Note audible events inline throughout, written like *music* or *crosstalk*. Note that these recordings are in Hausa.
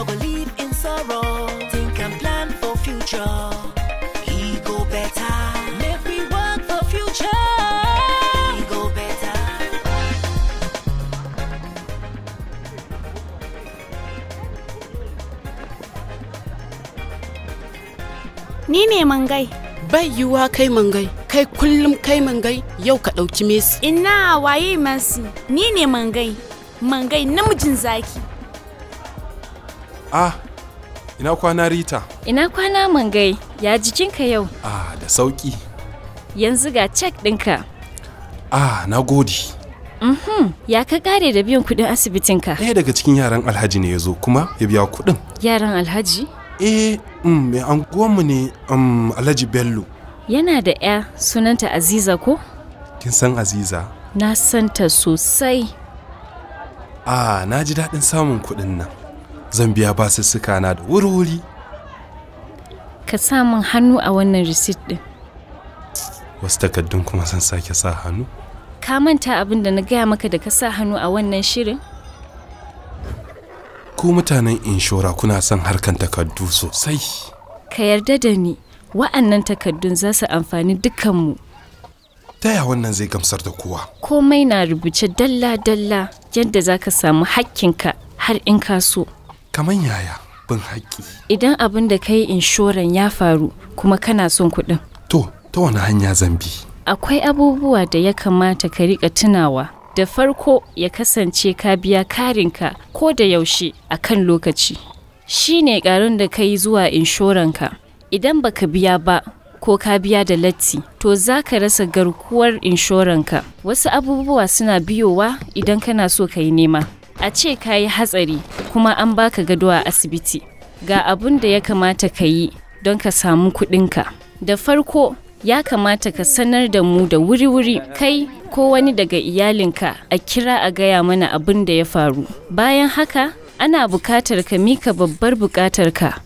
no go live in sorrow. Think and plan for future. He go better. Make we work for future. He go better. Ni ne mangai. Bai yiwuwa kai mangai. kai kullum kai mangai yau ka ɗauki mesi. Ina waye masu ni ne mangai, mangai namijin zaki. Ah, ina kwana Rita. Ina kwana Mangai, ya jikinka yau? Ah, da sauƙi. Yanzu ga cek ɗinka. Ah, na gode. Mhm, ya ka kare da biyan kuɗin asibitinka? Ɗaya daga cikin yaran Alhaji ne ya zo kuma ya biya kuɗin. Yaran Alhaji? Eh, mm, mai anguwanmu ne um, Alhaji Bello. Yana da 'ya sunanta Aziza ko? Kin san Aziza? Na santa sosai. Ah, na ji daɗin samun kuɗin nan. zan biya basussuka na da wuri-wuri ka sa min hannu a wannan receipt din wasu takaddun kuma san sake sa hannu ka manta abin da na gaya maka da ka sa hannu a wannan shirin ku mutanen inshora kuna son harkan takardu sosai ka yarda da ni wa'annan takardun za su amfani dukkanmu. Taya wannan zai gamsar da kowa? Komai na rubuce dalla-dalla yadda za ka samu hakkinka har in ka so. kamar yaya bin haƙƙi. Idan abin da ka yi inshoran ya faru kuma kana son kuɗin. To, ta wani hanya zan bi? Akwai abubuwa da ya kamata ka riƙa tunawa. Da farko ya kasance ka biya karinka ko da yaushe a kan lokaci. Shi ne ƙarin da ka yi zuwa inshoranka. Idan baka biya ba, ko ka biya da latti to za ka rasa garkuwar inshoranka wasu abubuwa suna biyowa idan kana so ka yi nema a ce ka yi hatsari kuma an baka gado a asibiti ga abun da ya kamata ka yi don ka samu kuɗinka da farko ya kamata ka sanar da mu da wuri-wuri kai ko wani daga iyalinka a kira a gaya mana abin da ya faru bayan haka ana bukatar ka mika babbar bukatar ka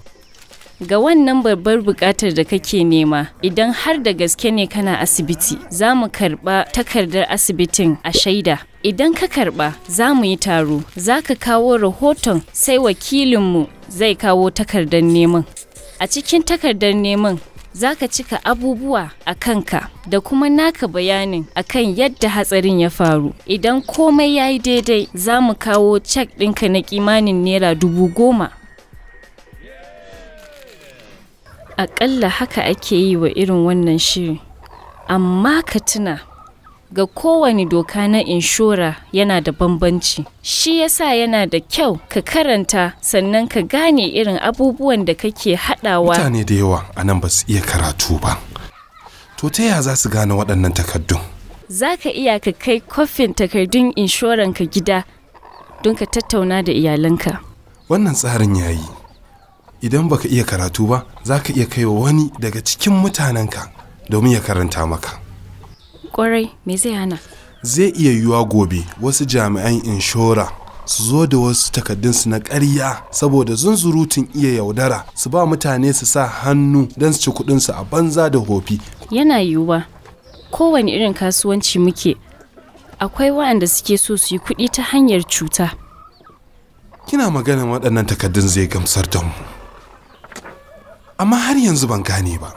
ga wannan babbar bukatar da kake nema idan har da gaske ne kana asibiti za mu karba takardar asibitin a shaida idan ka karba za mu yi taro za ka kawo rahoton sai wakilinmu zai kawo takardar neman a cikin takardar neman za ka cika abubuwa a kanka da kuma naka bayanin akan yadda hatsarin ya faru idan komai ya yi daidai za mu kawo cek ɗinka na kimanin naira dubu goma aƙalla haka ake yi wa irin wannan shiri amma ka tuna ga kowane doka na inshora yana da bambanci shi yasa yana da kyau ka karanta sannan ka gane irin abubuwan da kake haɗawa mutane da yawa a nan ba su iya karatu ba to ta yaya za su gane waɗannan takardun za ka iya ka kai kofin takardun inshoran ka gida don ka tattauna da iyalanka wannan tsarin yayi idan baka iya karatu ba za ka iya kaiwa wani daga cikin mutanenka domin ya karanta maka Kwarai, me zai hana? Zai iya yiwuwa gobe wasu jami'an inshora su zo da wasu takardunsu na ƙarya saboda zunzurutun iya yaudara su ba mutane su sa hannu don su ci kuɗinsu a banza da hofi. Yana yiwuwa kowane irin kasuwanci muke akwai waɗanda suke so su yi kuɗi ta hanyar cuta. Kina maganin waɗannan takardun zai gamsar da mu. Amma har yanzu ban gane ba.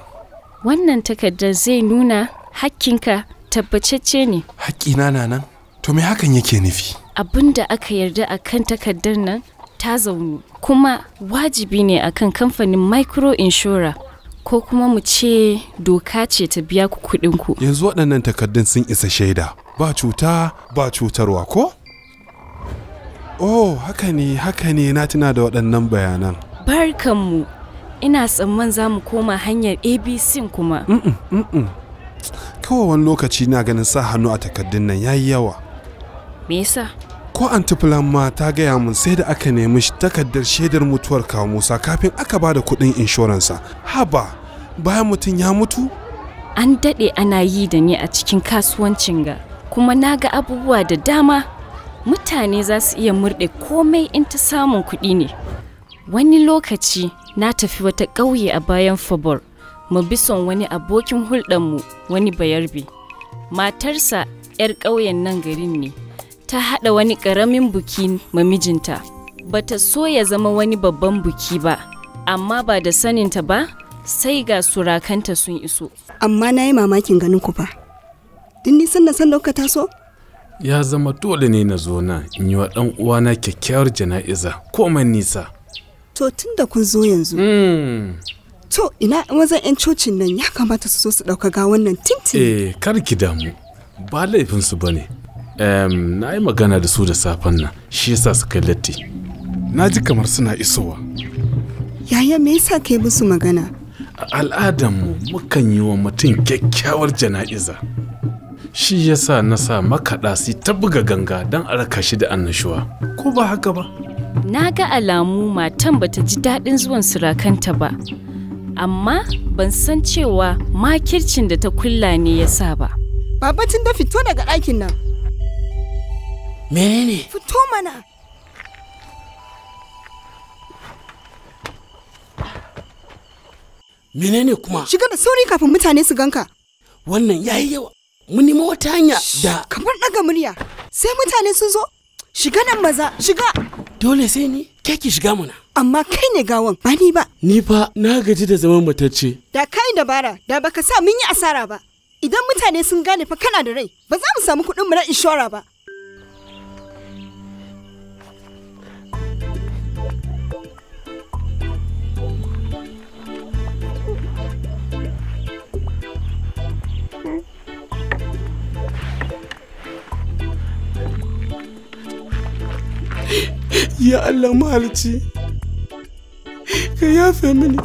Wannan takardar zai nuna hakkinka tabbacecce ne haƙƙina na nan to me hakan yake nufi abin da aka yarda a kan takardar nan ta zaunu kuma wajibi ne akan kamfanin micro inshora ko kuma mu ce doka ce ta biya ku kuɗinku. ku yanzu waɗannan takardun sun isa shaida ba cuta ba cutarwa ko oh haka ne haka ne na tuna da waɗannan bayanan barkanmu ina tsamman za mu koma hanyar abc kuma mm -mm, mm kawai wani lokaci na ganin sa hannu a takardun nan yayi yawa me yasa ko antiplan ma ta gaya min sai da aka nemi takardar shaidar mutuwar kawo musa kafin aka ba da kuɗin inshoransa haba bayan mutum ya mutu an daɗe ana yi da ni a cikin kasuwancin ga kuma na ga abubuwa da dama mutane za su iya murɗe komai in ta samun kuɗi ne wani lokaci na tafi wata ƙauye a bayan fabor mu bi son wani abokin hulɗarmu wani bayarbe matarsa 'yar ƙauyen nan garin ne ta haɗa wani ƙaramin buki mamijinta ba ta so ya zama wani babban buki ba amma ba da saninta ba sai ga surakanta sun iso amma na yi mamakin ganin ku ba din nisan na san ta so? ya zama dole ne na zo na in yi wa ɗan uwana kyakkyawar jana'iza ko man nisa to tun da kun zo yanzu hmm. to ina mazan 'yan cocin nan ya kamata su so su ɗauka ga wannan tintin eh kar ki damu ba laifinsu ba ne um, na yi magana da su da safen nan shi yasa su kai latti na ji kamar suna isowa yaya me yasa yi musu magana a al'adarmu mukan yi wa mutum kyakkyawar jana'iza shi yasa na sa makaɗa su ta buga ganga don a raka shi da annashuwa ko ba haka ba na ga alamu matan bata ji daɗin zuwan surakanta ba amma ban san cewa makircin da ta kulla ne ya sa ba. baba tun da fito daga ɗakin nan. Menene? Fito mana! Menene kuma? Shiga da sauri kafin mutane su ganka. Wannan yayi yawa. Mun nemi wata hanya da... Kamar ɗaga murya. Sai mutane sun zo. Shiga nan maza, shiga! Dole sai ni, keki shiga mana. amma kai ne gawan ba ni ba. Ni fa na gaji da zaman matacce. Da kai dabara da baka sa mun yi asara ba. Idan mutane sun gane fa kana da rai ba za mu samu kuɗin mu na inshora ba. Ya Allah mahalici. ka yafe mini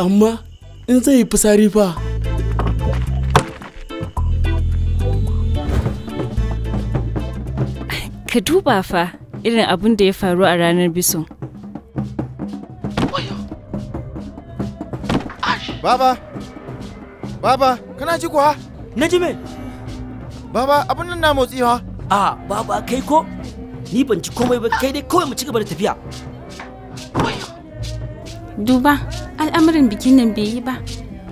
amma in zai yi fitsari fa ka duba fa irin abin da ya faru a ranar biso baba baba kana ji kuwa na ji baba abin nan na motsi ha a ah, baba kai ko ni ban ci komai ba kai dai kawai mu ci gaba da tafiya duba al'amarin bikin nan bai yi ba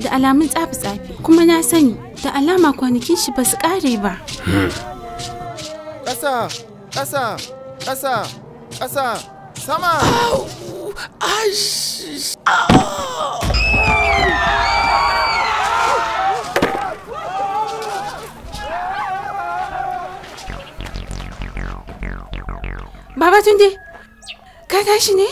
da alamun tsafi-tsafi kuma na sani da alama kwanakin shi ba su kare ba ƙasa ƙasa ƙasa ƙasa sama Ash! Oh! Batunde, ka tashi ne?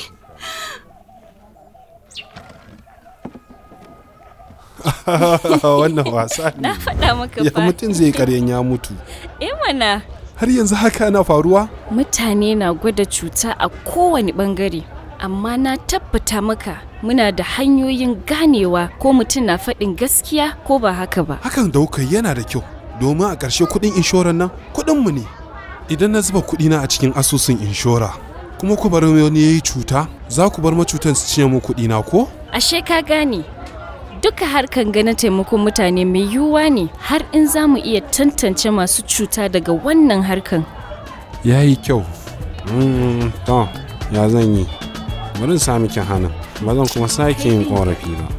*laughs* Wannan wasa ne. Na faɗa maka ba. Ya mutum zai karyan ya mutu. Eh mana. Har yanzu haka na faruwa? Mutane na gwada cuta a kowane ɓangare. Amma na tabbata maka muna da hanyoyin ganewa ko mutum na faɗin gaskiya ko ba haka ba. Hakan da yana da kyau. Domin a ƙarshe kuɗin inshoran nan kuɗinmu ne. idan na zuba kuɗina a cikin asusun inshora kuma ku bar wani ya yi cuta za ku bar macutan su cinye mu kuɗina ko? ashe ka gane duka harkan ganin taimakon mutane mai yiwuwa ne har in za mu iya tantance masu cuta daga wannan harkan ya yi kyau mm, ya zan yi bari sami kin hana ba zan kuma sake yin korafi ba